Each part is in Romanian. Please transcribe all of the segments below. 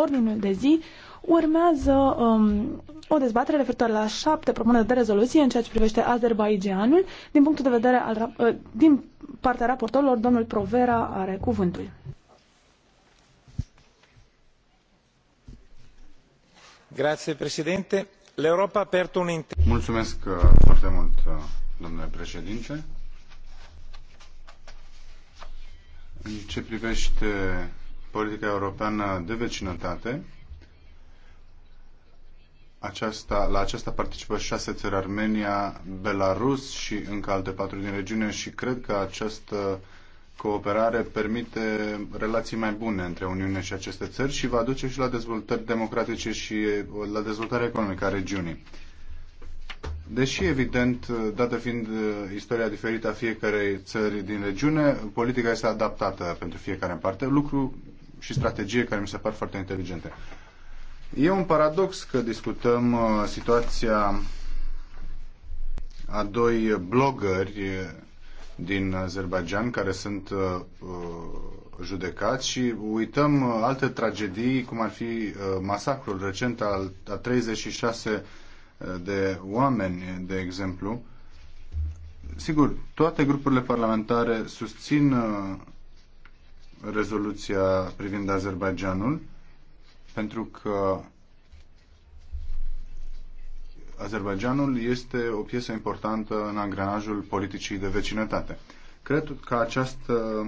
ordinul de zi urmează um, o dezbatere referitoare la șapte propuneri de rezoluție în ceea ce privește Azerbaijanul. Din punctul de vedere al, uh, din partea raportorilor, domnul Provera are cuvântul. Grazie, președinte. L'Europa ha aperto un inter... Mulțumesc uh, foarte mult, uh, domnule președinte. În ce privește politica europeană de vecinătate. Aceasta, la aceasta participă șase țări, Armenia, Belarus și încă alte patru din regiune și cred că această cooperare permite relații mai bune între Uniune și aceste țări și va duce și la dezvoltări democratice și la dezvoltarea economică a regiunii. Deși, evident, dată fiind istoria diferită a fiecarei țări din regiune, politica este adaptată pentru fiecare în parte, lucru și strategie care mi se par foarte inteligente. E un paradox că discutăm uh, situația a doi blogări uh, din Azerbaijan care sunt uh, judecați și uităm alte tragedii, cum ar fi masacrul recent al a 36 de oameni, de exemplu. Sigur, toate grupurile parlamentare susțin rezoluția privind Azerbaijanul, pentru că Azerbaijanul este o piesă importantă în angrenajul politicii de vecinătate. Cred că această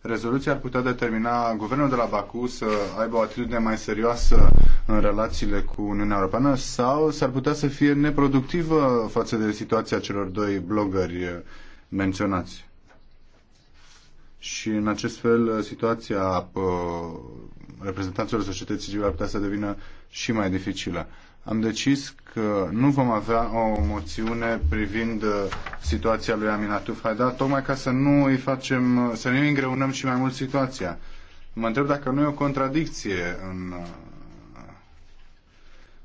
rezoluție ar putea determina guvernul de la Baku să aibă o atitudine mai serioasă în relațiile cu Uniunea Europeană sau s-ar putea să fie neproductivă față de situația celor doi blogări menționați și în acest fel uh, situația uh, reprezentanților societății civile ar putea să devină și mai dificilă. Am decis că nu vom avea o moțiune privind uh, situația lui Aminatuf Haidar, tocmai ca să nu îi facem, să nu îi îngreunăm și mai mult situația. Mă întreb dacă nu e o contradicție în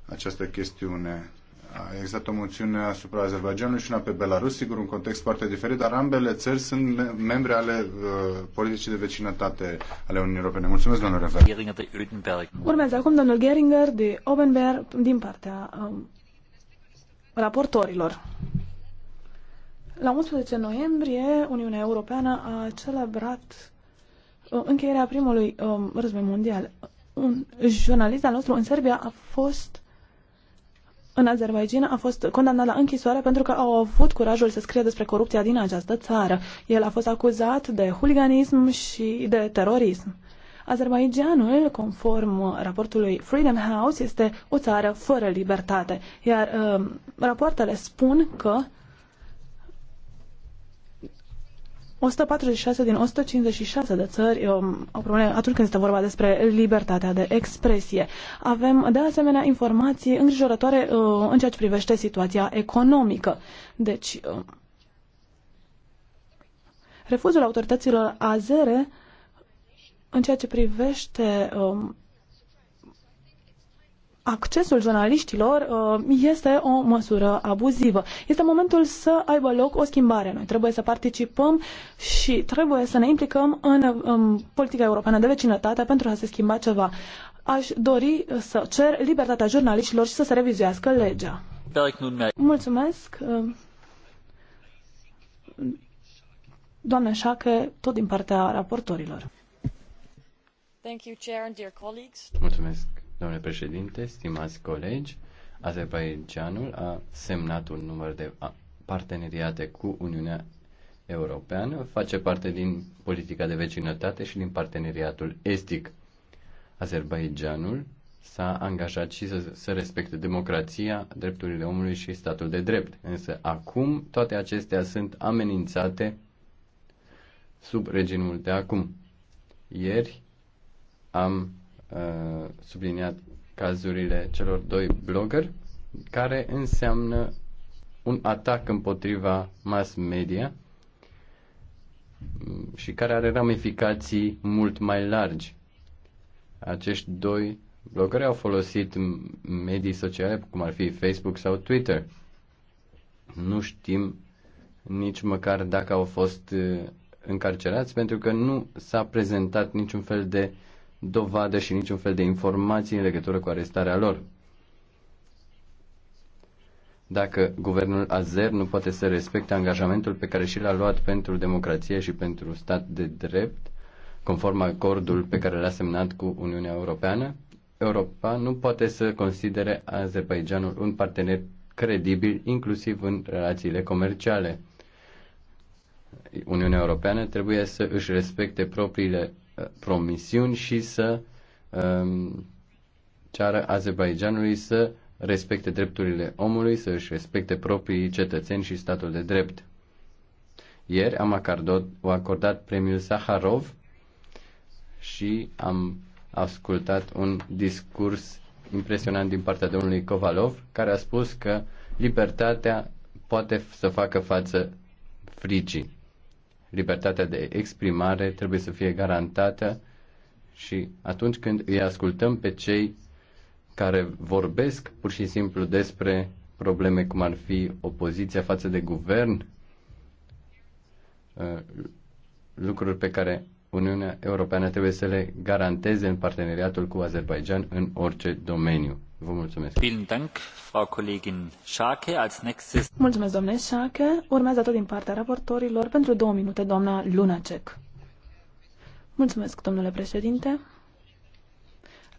această chestiune. A existat o moțiune asupra Azerbaijanului și una pe Belarus, sigur, un context foarte diferit, dar ambele țări sunt membre ale uh, politicii de vecinătate ale Uniunii Europene. Mulțumesc, domnul Refer. Urmează acum domnul Geringer de Obenberg din partea um, raportorilor. La 11 noiembrie, Uniunea Europeană a celebrat uh, încheierea primului um, război mondial. Un jurnalist al nostru în Serbia a fost în Azerbaijan a fost condamnat la închisoare pentru că au avut curajul să scrie despre corupția din această țară. El a fost acuzat de huliganism și de terorism. Azerbaijanul, conform raportului Freedom House, este o țară fără libertate, iar uh, rapoartele spun că uh, 146 din 156 de țări o probleme atunci când este vorba despre libertatea de expresie. Avem de asemenea informații îngrijorătoare uh, în ceea ce privește situația economică. Deci, uh, refuzul autorităților azere în ceea ce privește um, accesul jurnaliștilor uh, este o măsură abuzivă. Este momentul să aibă loc o schimbare. Noi trebuie să participăm și trebuie să ne implicăm în, în politica europeană de vecinătate pentru a se schimba ceva. Aș dori să cer libertatea jurnaliștilor și să se revizuiască legea. Mulțumesc. Uh, Doamne Șache, tot din partea raportorilor. Mulțumesc, Domnule președinte, stimați colegi, Azerbaidjanul a semnat un număr de parteneriate cu Uniunea Europeană, face parte din politica de vecinătate și din parteneriatul estic. Azerbaidjanul s-a angajat și să, să respecte democrația, drepturile omului și statul de drept. Însă acum toate acestea sunt amenințate sub regimul de acum. Ieri am subliniat cazurile celor doi blogger, care înseamnă un atac împotriva mass media și care are ramificații mult mai largi. Acești doi blogări au folosit medii sociale, cum ar fi Facebook sau Twitter. Nu știm nici măcar dacă au fost uh, încarcerați, pentru că nu s-a prezentat niciun fel de uh, dovadă și niciun fel de informații în legătură cu arestarea lor. Dacă guvernul azer nu poate să respecte angajamentul pe care și l-a luat pentru democrație și pentru stat de drept, conform acordul pe care l-a semnat cu Uniunea Europeană, Europa nu poate să considere Azerbaijanul un partener credibil, inclusiv în relațiile comerciale. Uniunea Europeană trebuie să își respecte propriile Uh, promisiuni și să um, ceară Azerbaijanului să respecte drepturile omului, să își respecte proprii cetățeni și statul de drept. Ieri am acordat, o acordat premiul Saharov și am ascultat un discurs impresionant din partea domnului Kovalov, care a spus că libertatea poate să facă față fricii libertatea de exprimare trebuie să fie garantată și atunci când îi ascultăm pe cei care vorbesc pur și simplu despre probleme cum ar fi opoziția față de guvern, uh, lucruri pe care Uniunea Europeană trebuie să le garanteze în parteneriatul cu Azerbaijan în orice domeniu mulțumesc. Urmează tot din partea raportorilor pentru două minute, doamna Lunacek. Mulțumesc, domnule președinte.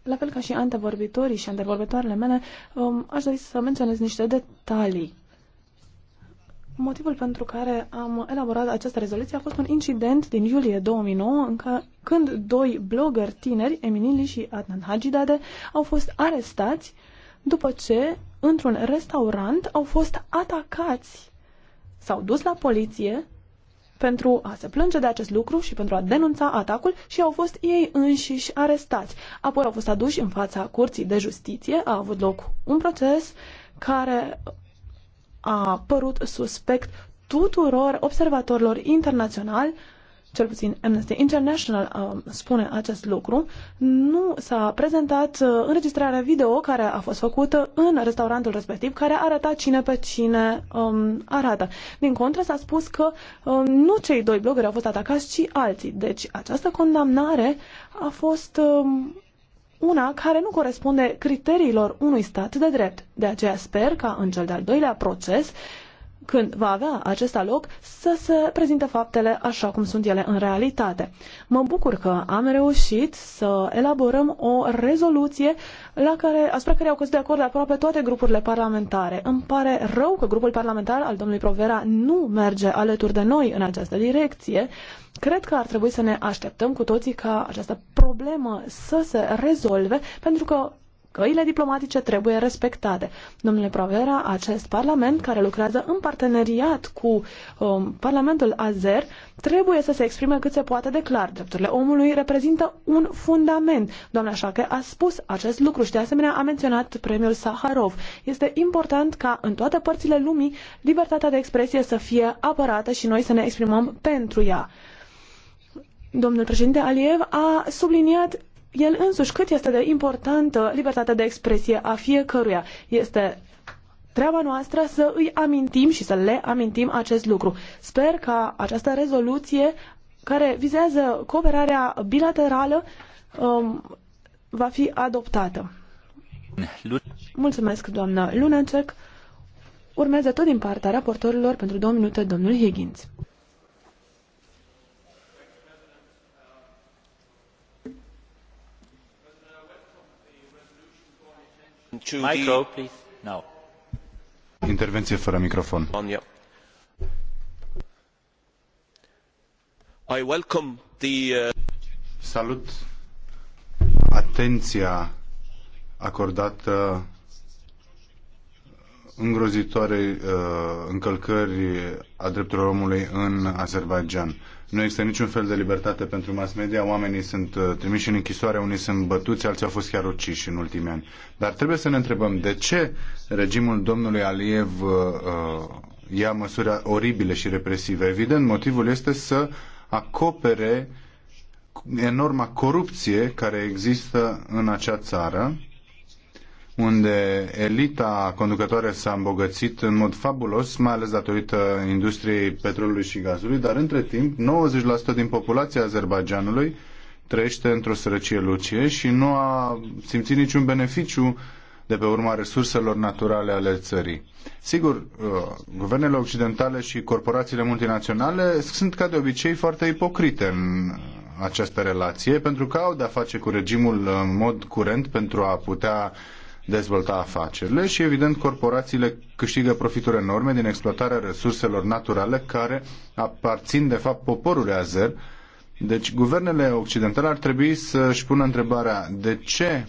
La fel ca și antevorbitorii și antevorbitoarele mele, um, aș dori să menționez niște detalii Motivul pentru care am elaborat această rezoluție a fost un incident din iulie 2009 în care, când doi blogger tineri, Eminili și Adnan Hagidade, au fost arestați după ce, într-un restaurant, au fost atacați. S-au dus la poliție pentru a se plânge de acest lucru și pentru a denunța atacul și au fost ei înșiși arestați. Apoi au fost aduși în fața Curții de Justiție, a avut loc un proces care a părut suspect tuturor observatorilor internaționali, cel puțin Amnesty International uh, spune acest lucru, nu s-a prezentat uh, înregistrarea video care a fost făcută în restaurantul respectiv, care arăta cine pe cine um, arată. Din contră, s-a spus că um, nu cei doi blogeri au fost atacați, ci alții. Deci această condamnare a fost um, una care nu corespunde criteriilor unui stat de drept. De aceea sper ca în cel de-al doilea proces când va avea acesta loc, să se prezinte faptele așa cum sunt ele în realitate. Mă bucur că am reușit să elaborăm o rezoluție la care, asupra care au căzut de acord de aproape toate grupurile parlamentare. Îmi pare rău că grupul parlamentar al domnului Provera nu merge alături de noi în această direcție. Cred că ar trebui să ne așteptăm cu toții ca această problemă să se rezolve, pentru că căile diplomatice trebuie respectate. Domnule Provera, acest parlament care lucrează în parteneriat cu um, Parlamentul Azer trebuie să se exprime cât se poate de clar. Drepturile omului reprezintă un fundament. Doamna Șache a spus acest lucru și de asemenea a menționat premiul Saharov. Este important ca în toate părțile lumii libertatea de expresie să fie apărată și noi să ne exprimăm pentru ea. Domnul președinte Aliev a subliniat el însuși cât este de importantă libertatea de expresie a fiecăruia. Este treaba noastră să îi amintim și să le amintim acest lucru. Sper ca această rezoluție care vizează cooperarea bilaterală um, va fi adoptată. Mulțumesc, doamna Lunacek. Urmează tot din partea raportorilor pentru două minute domnul Higgins. Intervenție fără microfon. Uh, Salut atenia acordată îngrozitoare uh, încălcări a drepturilor omului în Azerbaijan. Nu există niciun fel de libertate pentru mass media, oamenii sunt uh, trimiși în închisoare, unii sunt bătuți, alții au fost chiar uciși în ultimii ani. Dar trebuie să ne întrebăm de ce regimul domnului Aliev uh, ia măsuri oribile și represive. Evident, motivul este să acopere enorma corupție care există în acea țară unde elita conducătoare s-a îmbogățit în mod fabulos, mai ales datorită industriei petrolului și gazului, dar între timp 90% din populația Azerbaijanului trăiește într-o sărăcie lucie și nu a simțit niciun beneficiu de pe urma resurselor naturale ale țării. Sigur, uh, guvernele occidentale și corporațiile multinaționale sunt ca de obicei foarte ipocrite în această relație pentru că au de-a face cu regimul uh, în mod curent pentru a putea dezvolta afacerile și, evident, corporațiile câștigă profituri enorme din exploatarea resurselor naturale care aparțin, de fapt, poporului azer. Deci, guvernele occidentale ar trebui să-și pună întrebarea de ce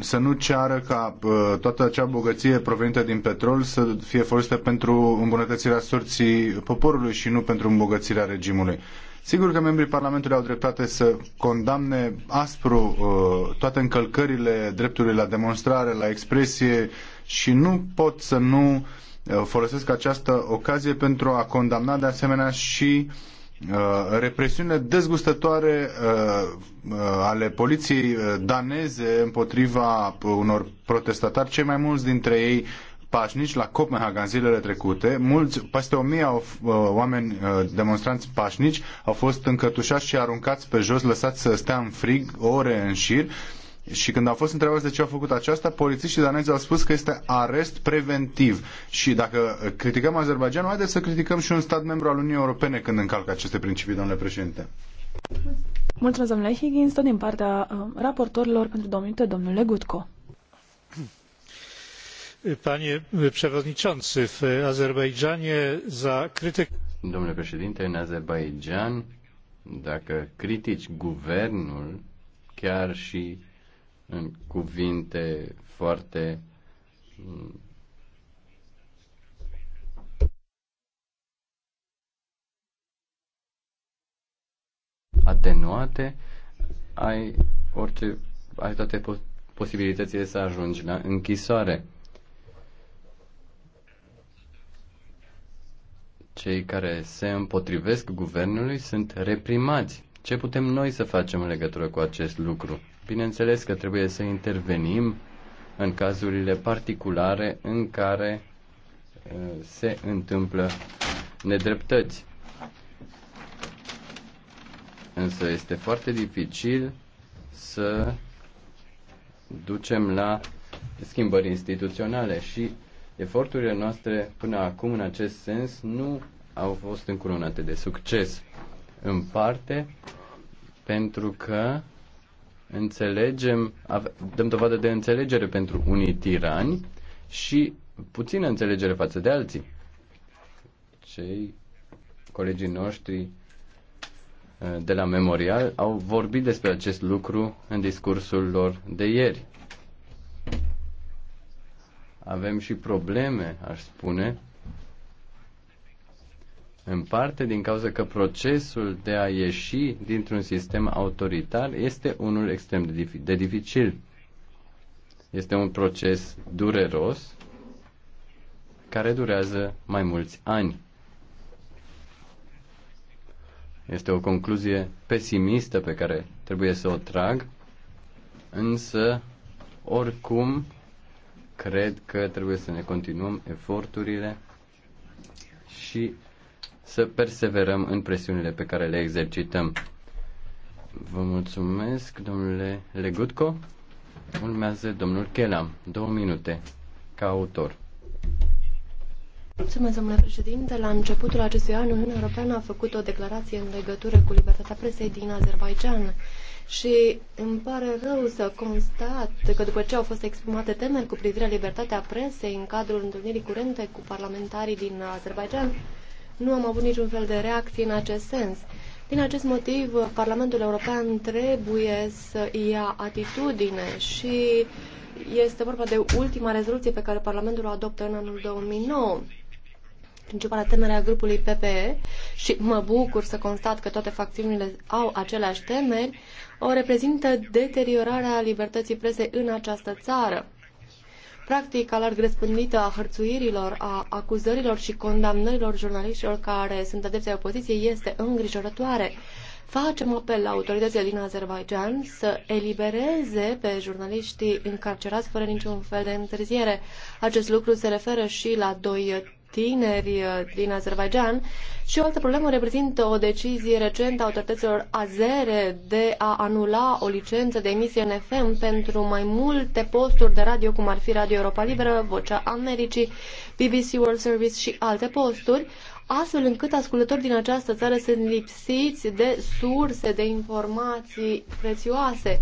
să nu ceară ca uh, toată acea bogăție provenită din petrol să fie folosită pentru îmbunătățirea sorții poporului și nu pentru îmbogățirea regimului. Sigur că membrii Parlamentului au dreptate să condamne aspru uh, toate încălcările dreptului la demonstrare, la expresie și nu pot să nu uh, folosesc această ocazie pentru a condamna de asemenea și uh, represiune dezgustătoare uh, ale poliției daneze împotriva unor protestatari, cei mai mulți dintre ei pașnici la Copenhaga în zilele trecute. Mulți, peste o mie uh, oameni uh, demonstranți pașnici au fost încătușați și aruncați pe jos, lăsați să stea în frig ore în șir. Și când au fost întrebați de ce au făcut aceasta, polițiștii danezi au spus că este arest preventiv. Și dacă criticăm Azerbaijanul, haideți să criticăm și un stat membru al Uniunii Europene când încalcă aceste principii, domnule președinte. Mulțumesc, domnule Higgins, din partea uh, raportorilor pentru două minute, domnule Gutco. Panie przewodniczący, w Azerbejdżanie za krytykę. Domnule președinte, în Azerbaidjan, dacă critici guvernul, chiar și în cuvinte foarte mm, atenuate, ai orice ai toate posibilitățile să ajungi la închisoare. Cei care se împotrivesc guvernului sunt reprimați. Ce putem noi să facem în legătură cu acest lucru? Bineînțeles că trebuie să intervenim în cazurile particulare în care uh, se întâmplă nedreptăți. Însă este foarte dificil să ducem la schimbări instituționale și Eforturile noastre până acum în acest sens nu au fost încurunate de succes. În parte pentru că înțelegem, dăm dovadă de înțelegere pentru unii tirani și puțină înțelegere față de alții. Cei colegii noștri eh, de la Memorial au vorbit despre acest lucru în discursul lor de ieri avem și probleme, aș spune, în parte din cauza că procesul de a ieși dintr-un sistem autoritar este unul extrem de, de dificil. Este un proces dureros care durează mai mulți ani. Este o concluzie pesimistă pe care trebuie să o trag, însă, oricum, cred că trebuie să ne continuăm eforturile și să perseverăm în presiunile pe care le exercităm. Vă mulțumesc, domnule Legutco. Urmează domnul Chelam, două minute, ca autor. Mulțumesc, domnule președinte. La începutul acestui an, Uniunea Europeană a făcut o declarație în legătură cu libertatea presei din Azerbaijan și îmi pare rău să constat că după ce au fost exprimate temeri cu privire la libertatea presei în cadrul întâlnirii curente cu parlamentarii din Azerbaijan, nu am avut niciun fel de reacție în acest sens. Din acest motiv, Parlamentul European trebuie să ia atitudine și este vorba de ultima rezoluție pe care Parlamentul o adoptă în anul 2009 principala temere a grupului PPE și mă bucur să constat că toate facțiunile au aceleași temeri, o reprezintă deteriorarea libertății presei în această țară. Practica larg răspândită a hărțuirilor, a acuzărilor și condamnărilor jurnaliștilor care sunt adepți ai opoziției este îngrijorătoare. Facem apel la autoritățile din Azerbaijan să elibereze pe jurnaliștii încarcerați fără niciun fel de întârziere. Acest lucru se referă și la doi tineri uh, din Azerbaijan și o altă problemă reprezintă o decizie recentă a autorităților azere de a anula o licență de emisie în FM pentru mai multe posturi de radio, cum ar fi Radio Europa Liberă, Vocea Americii, BBC World Service și alte posturi, astfel încât ascultători din această țară sunt lipsiți de surse de informații prețioase.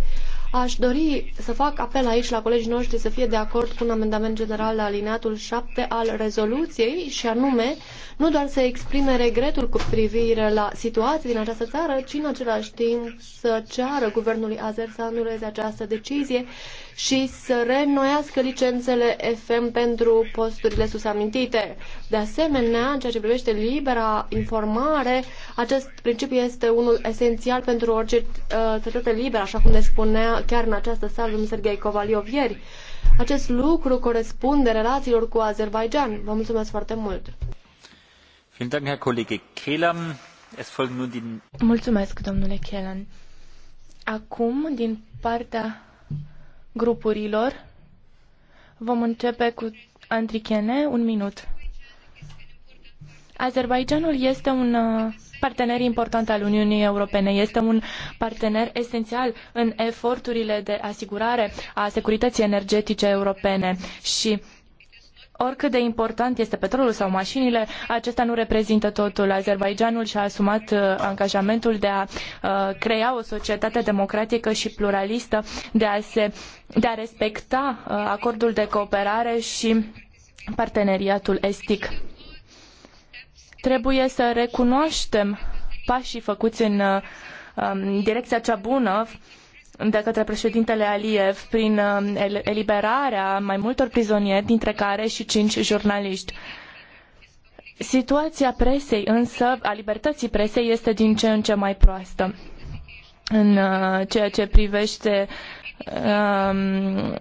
Aș dori să fac apel aici la colegii noștri să fie de acord cu un amendament general la alineatul 7 al rezoluției și anume nu doar să exprime regretul cu privire la situația din această țară, ci în același timp să ceară guvernului Azer să anuleze această decizie și să reînnoiască licențele FM pentru posturile susamintite. De asemenea, în ceea ce privește libera informare, acest principiu este unul esențial pentru orice uh, societate uh, liberă, așa cum ne spunea chiar în această sală domnul Serghei Covaliov ieri. Acest lucru corespunde relațiilor cu Azerbaijan. Vă mulțumesc foarte mult! Mulțumesc, domnule Kelan. Acum, din partea grupurilor. Vom începe cu Andrichene, un minut. Azerbaidjanul este un uh, partener important al Uniunii Europene. Este un partener esențial în eforturile de asigurare a securității energetice europene și Oricât de important este petrolul sau mașinile, acesta nu reprezintă totul. Azerbaijanul și-a asumat uh, angajamentul de a uh, crea o societate democratică și pluralistă, de a, se, de a respecta uh, acordul de cooperare și parteneriatul estic. Trebuie să recunoaștem pașii făcuți în um, direcția cea bună de către președintele Aliyev prin um, eliberarea mai multor prizonieri, dintre care și cinci jurnaliști. Situația presei însă, a libertății presei, este din ce în ce mai proastă în uh, ceea ce privește um,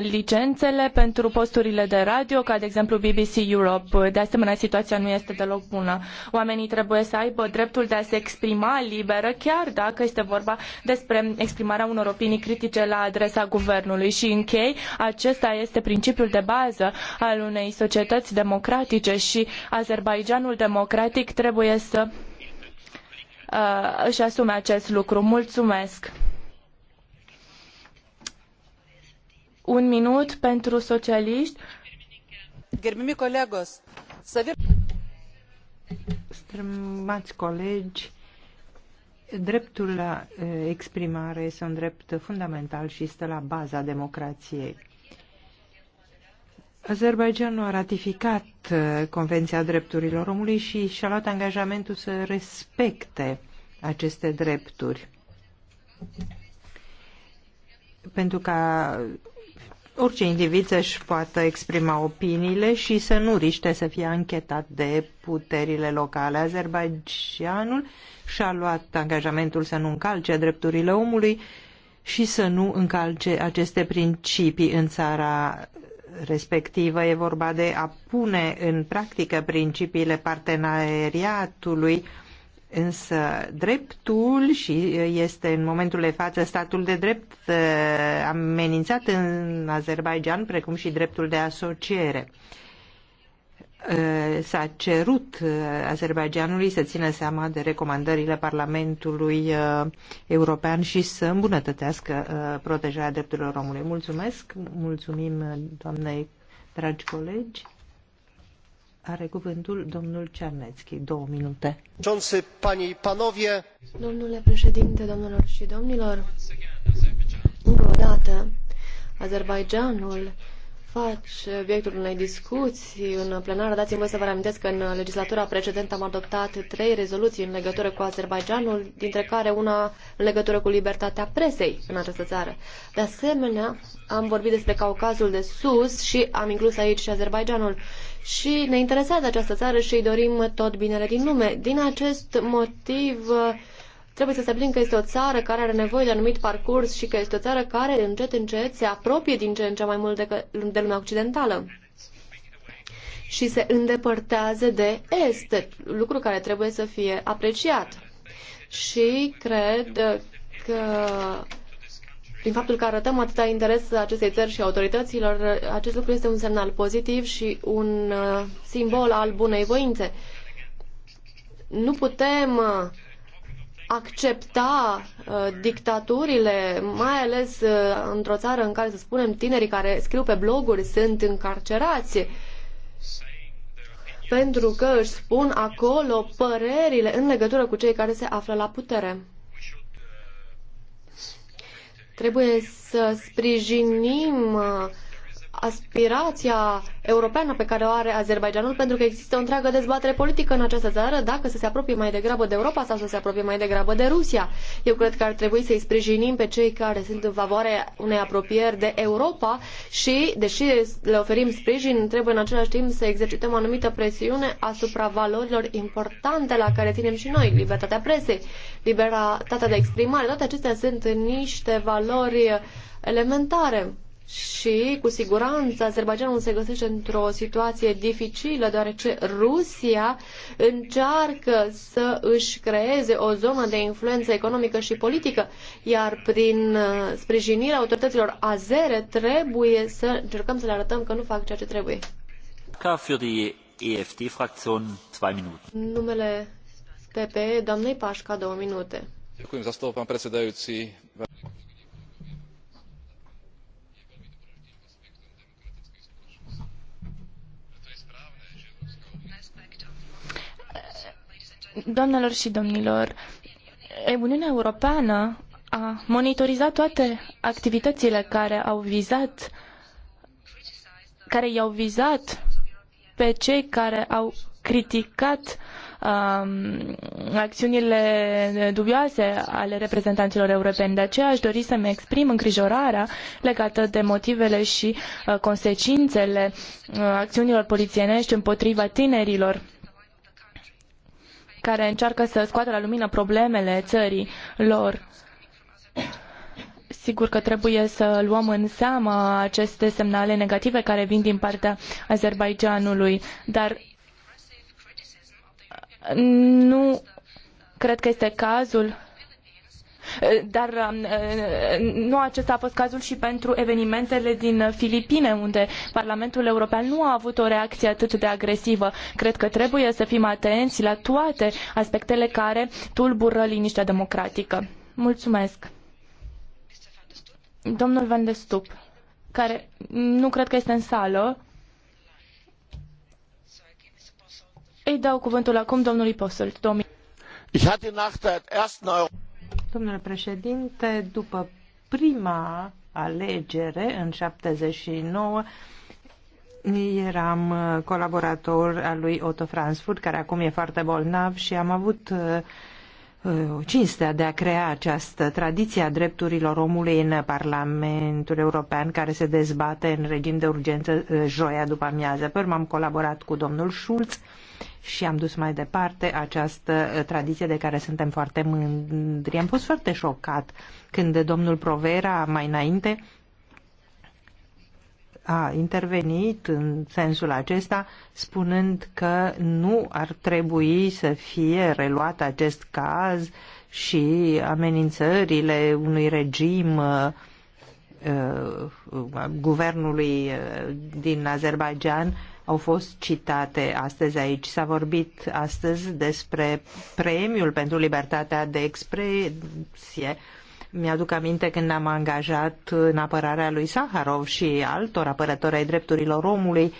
licențele pentru posturile de radio, ca de exemplu BBC Europe. De asemenea, situația nu este deloc bună. Oamenii trebuie să aibă dreptul de a se exprima liberă, chiar dacă este vorba despre exprimarea unor opinii critice la adresa guvernului. Și închei, acesta este principiul de bază al unei societăți democratice și Azerbaijanul democratic trebuie să uh, își asume acest lucru. Mulțumesc! Un minut pentru socialiști. colegos, să colegi, dreptul la eh, exprimare este un drept fundamental și stă la baza democrației. Azerbaijanul a ratificat eh, Convenția Drepturilor Omului și și-a luat angajamentul să respecte aceste drepturi. Pentru ca orice individ să-și poată exprima opiniile și să nu riște să fie anchetat de puterile locale. Azerbaijanul și-a luat angajamentul să nu încalce drepturile omului și să nu încalce aceste principii în țara respectivă. E vorba de a pune în practică principiile parteneriatului Însă dreptul și este în momentul de față statul de drept eh, amenințat în Azerbaijan, precum și dreptul de asociere. Eh, s-a cerut eh, Azerbaijanului să țină seama de recomandările Parlamentului European și să îmbunătățească protejarea drepturilor omului. Mulțumesc, mulțumim doamnei dragi colegi. Are cuvântul domnul Cernețchi. Două minute. Domnule președinte, domnilor și domnilor, încă o dată, Azerbaijanul face obiectul unei discuții în plenară. Dați-mi voi să vă reamintesc că în legislatura precedentă am adoptat trei rezoluții în legătură cu Azerbaijanul, dintre care una în legătură cu libertatea presei în această țară. De asemenea, am vorbit despre Caucazul de Sus și am inclus aici și Azerbaijanul și ne interesează această țară și îi dorim tot binele din lume. Din acest motiv trebuie să stabilim că este o țară care are nevoie de anumit parcurs și că este o țară care încet încet se apropie din ce în ce mai mult de, de lumea occidentală și se îndepărtează de est, lucru care trebuie să fie apreciat. Și cred că prin faptul că arătăm atâta interes acestei țări și autorităților, acest lucru este un semnal pozitiv și un uh, simbol al bunei voințe. Nu putem uh, accepta uh, dictaturile, mai ales uh, într-o țară în care, să spunem, tinerii care scriu pe bloguri sunt încarcerați pentru că își spun acolo părerile în legătură cu cei care se află la putere. Trebuie să sprijinim uh, aspirația europeană pe care o are Azerbaijanul, pentru că există o întreagă dezbatere politică în această țară, dacă să se apropie mai degrabă de Europa sau să se apropie mai degrabă de Rusia. Eu cred că ar trebui să-i sprijinim pe cei care sunt în favoarea unei apropieri de Europa și, deși le oferim sprijin, trebuie în același timp să exercităm o anumită presiune asupra valorilor importante la care ținem și noi, libertatea presei, libertatea de exprimare, toate acestea sunt niște valori elementare și, cu siguranță, Azerbaijanul se găsește într-o situație dificilă, deoarece Rusia încearcă să își creeze o zonă de influență economică și politică, iar prin uh, sprijinirea autorităților azere trebuie să încercăm să le arătăm că nu fac ceea ce trebuie. Ca EFT, fracțion, 2 minute. Numele PPE, doamnei Pașca, două minute. Mulțumesc za slovo, Doamnelor și domnilor, Uniunea Europeană a monitorizat toate activitățile care au vizat care i-au vizat pe cei care au criticat um, acțiunile dubioase ale reprezentanților europeni. De aceea aș dori să-mi exprim îngrijorarea legată de motivele și uh, consecințele uh, acțiunilor polițienești împotriva tinerilor care încearcă să scoată la lumină problemele țării lor. Sigur că trebuie să luăm în seamă aceste semnale negative care vin din partea Azerbaidjanului, dar nu cred că este cazul Eh, dar eh, nu acesta a fost cazul și pentru evenimentele din Filipine, unde Parlamentul European nu a avut o reacție atât de agresivă. Cred că trebuie să fim atenți la toate aspectele care tulbură liniștea democratică. Mulțumesc. Domnul Van de Stup, care nu cred că este în sală, îi dau cuvântul acum domnului Posselt. Domnul... Domnule președinte, după prima alegere în 79 eram colaborator al lui Otto Franzfurt, care acum e foarte bolnav și am avut uh, cinstea de a crea această tradiție a drepturilor omului în Parlamentul European care se dezbate în regim de urgență uh, joia după amiază. Pe urmă am colaborat cu domnul Schulz, și am dus mai departe această uh, tradiție de care suntem foarte mândri. Am fost foarte șocat când domnul Provera mai înainte a intervenit în sensul acesta, spunând că nu ar trebui să fie reluat acest caz și amenințările unui regim uh, uh, guvernului uh, din Azerbaijan au fost citate astăzi aici. S-a vorbit astăzi despre premiul pentru libertatea de expresie. Mi-aduc aminte când am angajat în apărarea lui Saharov și altor apărători ai drepturilor omului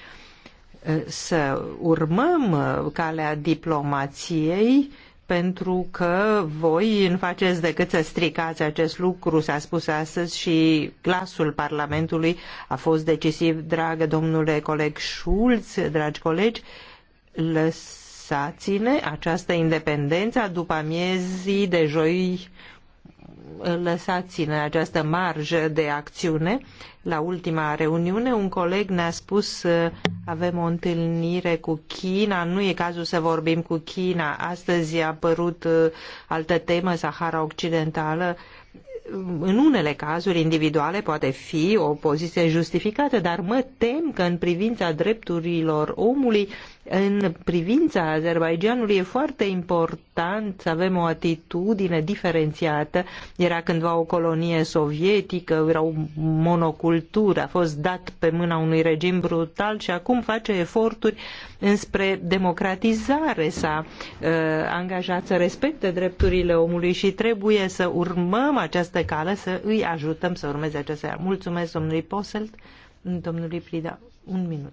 eh, să urmăm eh, calea diplomației pentru că voi nu faceți decât să stricați acest lucru, s-a spus astăzi și glasul Parlamentului a fost decisiv, dragă domnule coleg Schulz, dragi colegi, lăsați-ne această independență după amiezii de joi lăsați-ne această marjă de acțiune. La ultima reuniune, un coleg ne-a spus avem o întâlnire cu China, nu e cazul să vorbim cu China. Astăzi a apărut uh, altă temă, Sahara Occidentală. În unele cazuri individuale poate fi o poziție justificată, dar mă tem că în privința drepturilor omului în privința Azerbaijanului e foarte important să avem o atitudine diferențiată. Era cândva o colonie sovietică, era o monocultură, a fost dat pe mâna unui regim brutal și acum face eforturi înspre democratizare. S-a uh, angajat să respecte drepturile omului și trebuie să urmăm această cale, să îi ajutăm să urmeze acestea. Mulțumesc domnului Poselt, domnului Prida. Un minut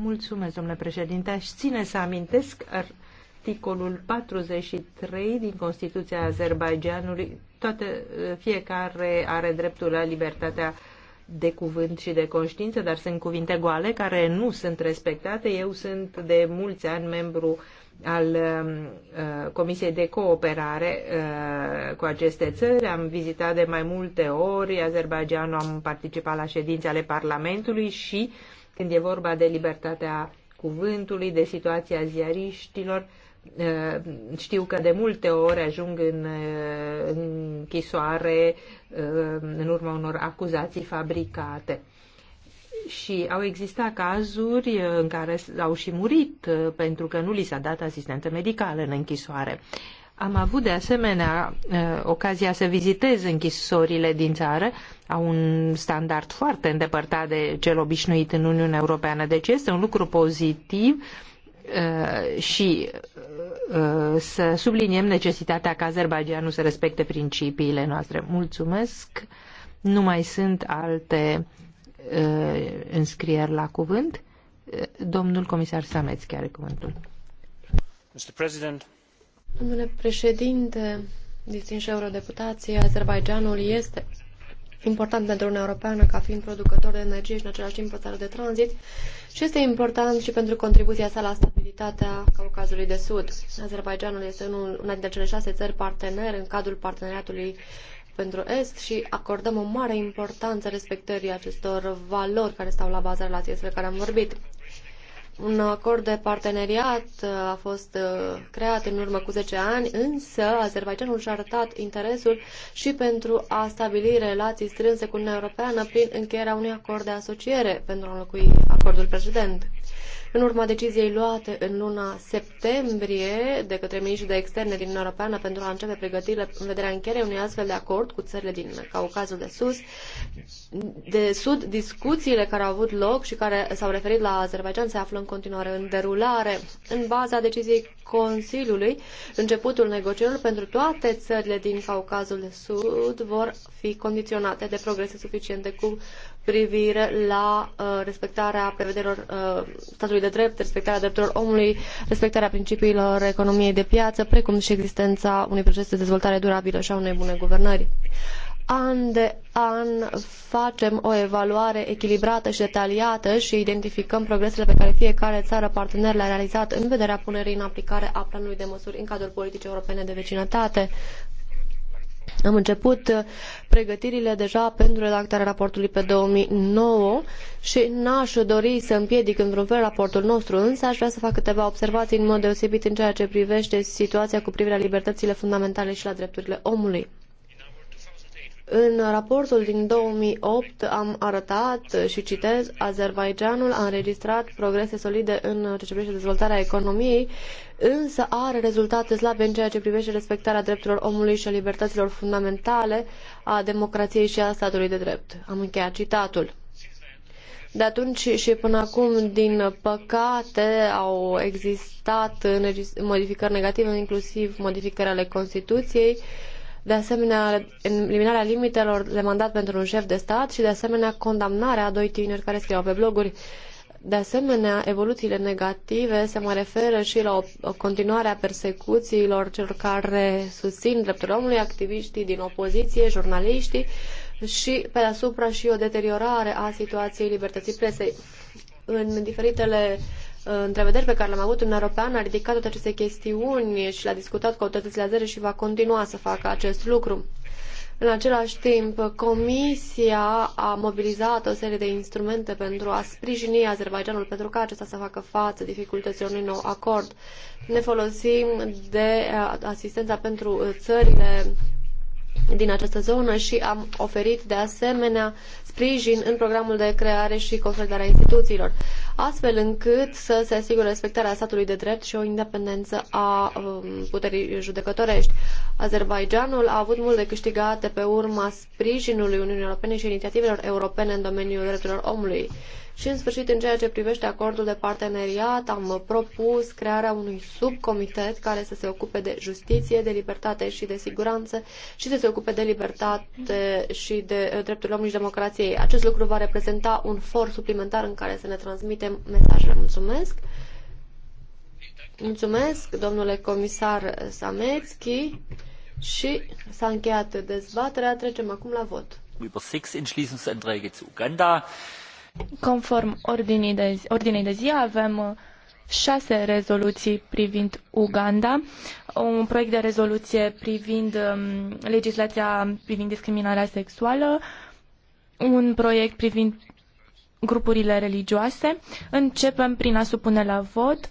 Mulțumesc, domnule președinte. Aș ține să amintesc articolul 43 din Constituția Azerbaijanului. Toate, fiecare are dreptul la libertatea de cuvânt și de conștiință, dar sunt cuvinte goale care nu sunt respectate. Eu sunt de mulți ani membru al um, uh, Comisiei de Cooperare uh, cu aceste țări. Am vizitat de mai multe ori Azerbaijanul, am participat la ședințe ale Parlamentului și uh, când e vorba de libertatea cuvântului, de situația ziariștilor. Știu că de multe ori ajung în închisoare în urma unor acuzații fabricate. Și au existat cazuri în care au și murit pentru că nu li s-a dat asistentă medicală în închisoare. Am avut de asemenea uh, ocazia să vizitez închisorile din țară, au un standard foarte îndepărtat de cel obișnuit în Uniunea Europeană, deci este un lucru pozitiv uh, și uh, să subliniem necesitatea ca Azerbaijanul să respecte principiile noastre. Mulțumesc! Nu mai sunt alte înscrieri la cuvânt. Domnul comisar Sameț chiar cuvântul. Mr. President, Domnule președinte, distinși eurodeputații, Azerbaijanul este important pentru Uniunea Europeană ca fiind producător de energie și în același timp o țară de tranzit și este important și pentru contribuția sa la stabilitatea Caucazului de Sud. Azerbaijanul este unul, una dintre cele șase țări parteneri în cadrul parteneriatului pentru Est și acordăm o mare importanță respectării acestor valori care stau la baza relației despre care am vorbit. Un acord de parteneriat uh, a fost uh, creat în urmă cu 10 ani, însă Azerbaijanul și-a arătat interesul și pentru a stabili relații strânse cu Uniunea Europeană prin încheierea unui acord de asociere pentru a înlocui acordul precedent. În urma deciziei luate în luna septembrie de către ministrul de externe din Uniunea Europeană pentru a începe pregătirile în vederea încheierii unui astfel de acord cu țările din Caucazul de Sus, de Sud, discuțiile care au avut loc și care s-au referit la Azerbaijan se află în continuare în derulare. În baza deciziei Consiliului, începutul negocierilor pentru toate țările din Caucazul de Sud vor fi condiționate de progrese suficiente cu privire la uh, respectarea prevederilor uh, statului de drept, respectarea drepturilor omului, respectarea principiilor economiei de piață, precum și existența unui proces de dezvoltare durabilă și a unei bune guvernări an de an facem o evaluare echilibrată și detaliată și identificăm progresele pe care fiecare țară partener le-a realizat în vederea punerii în aplicare a planului de măsuri în cadrul politicii europene de vecinătate. Am început uh, pregătirile deja pentru redactarea raportului pe 2009 și n-aș dori să împiedic într-un fel raportul nostru, însă aș vrea să fac câteva observații în mod deosebit în ceea ce privește situația cu privire la libertățile fundamentale și la drepturile omului. În raportul din 2008 am arătat și citez, Azerbaijanul a înregistrat progrese solide în ce privește dezvoltarea economiei, însă are rezultate slabe în ceea ce privește respectarea drepturilor omului și a libertăților fundamentale, a democrației și a statului de drept. Am încheiat citatul. De atunci și până acum, din păcate, au existat modificări negative, inclusiv modificări ale Constituției, uh, de asemenea eliminarea limitelor de mandat pentru un șef de stat și de asemenea condamnarea a doi tineri care scriau pe bloguri. De asemenea, evoluțiile negative se mai referă și la o continuare a persecuțiilor celor care susțin drepturile omului, activiștii din opoziție, jurnaliștii și pe deasupra și o deteriorare a situației libertății presei. În diferitele uh, întrevederi pe care le-am avut în European a ridicat toate aceste chestiuni și le-a discutat cu autoritățile azere și va continua să facă acest lucru. În același timp, Comisia a mobilizat o serie de instrumente pentru a sprijini Azerbaijanul pentru ca acesta să facă față dificultăților unui nou acord. Ne folosim de uh, asistența pentru uh, țările din această zonă și am oferit de asemenea sprijin în programul de creare și consolidare a instituțiilor, astfel încât să se asigure respectarea statului de drept și o independență a um, puterii judecătorești. Azerbaijanul a avut mult de câștigat de pe urma sprijinului Uniunii Europene și inițiativelor europene în domeniul drepturilor omului. Și, în sfârșit, în ceea ce privește acordul de parteneriat, am propus crearea unui subcomitet care să se ocupe de justiție, de libertate și de siguranță și să se ocupe de libertate și de uh, drepturile omului și democrației. Acest lucru va reprezenta un for suplimentar în care să ne transmitem mesajele. Mulțumesc! Mulțumesc, domnule comisar Samețchi. Și s-a încheiat dezbaterea. Trecem acum la vot. Über sechs Entschließungsanträge zu Uganda. Conform ordinii de zi, ordinei de zi avem uh, șase rezoluții privind Uganda, un proiect de rezoluție privind um, legislația privind discriminarea sexuală, un proiect privind grupurile religioase. Începem prin a supune la vot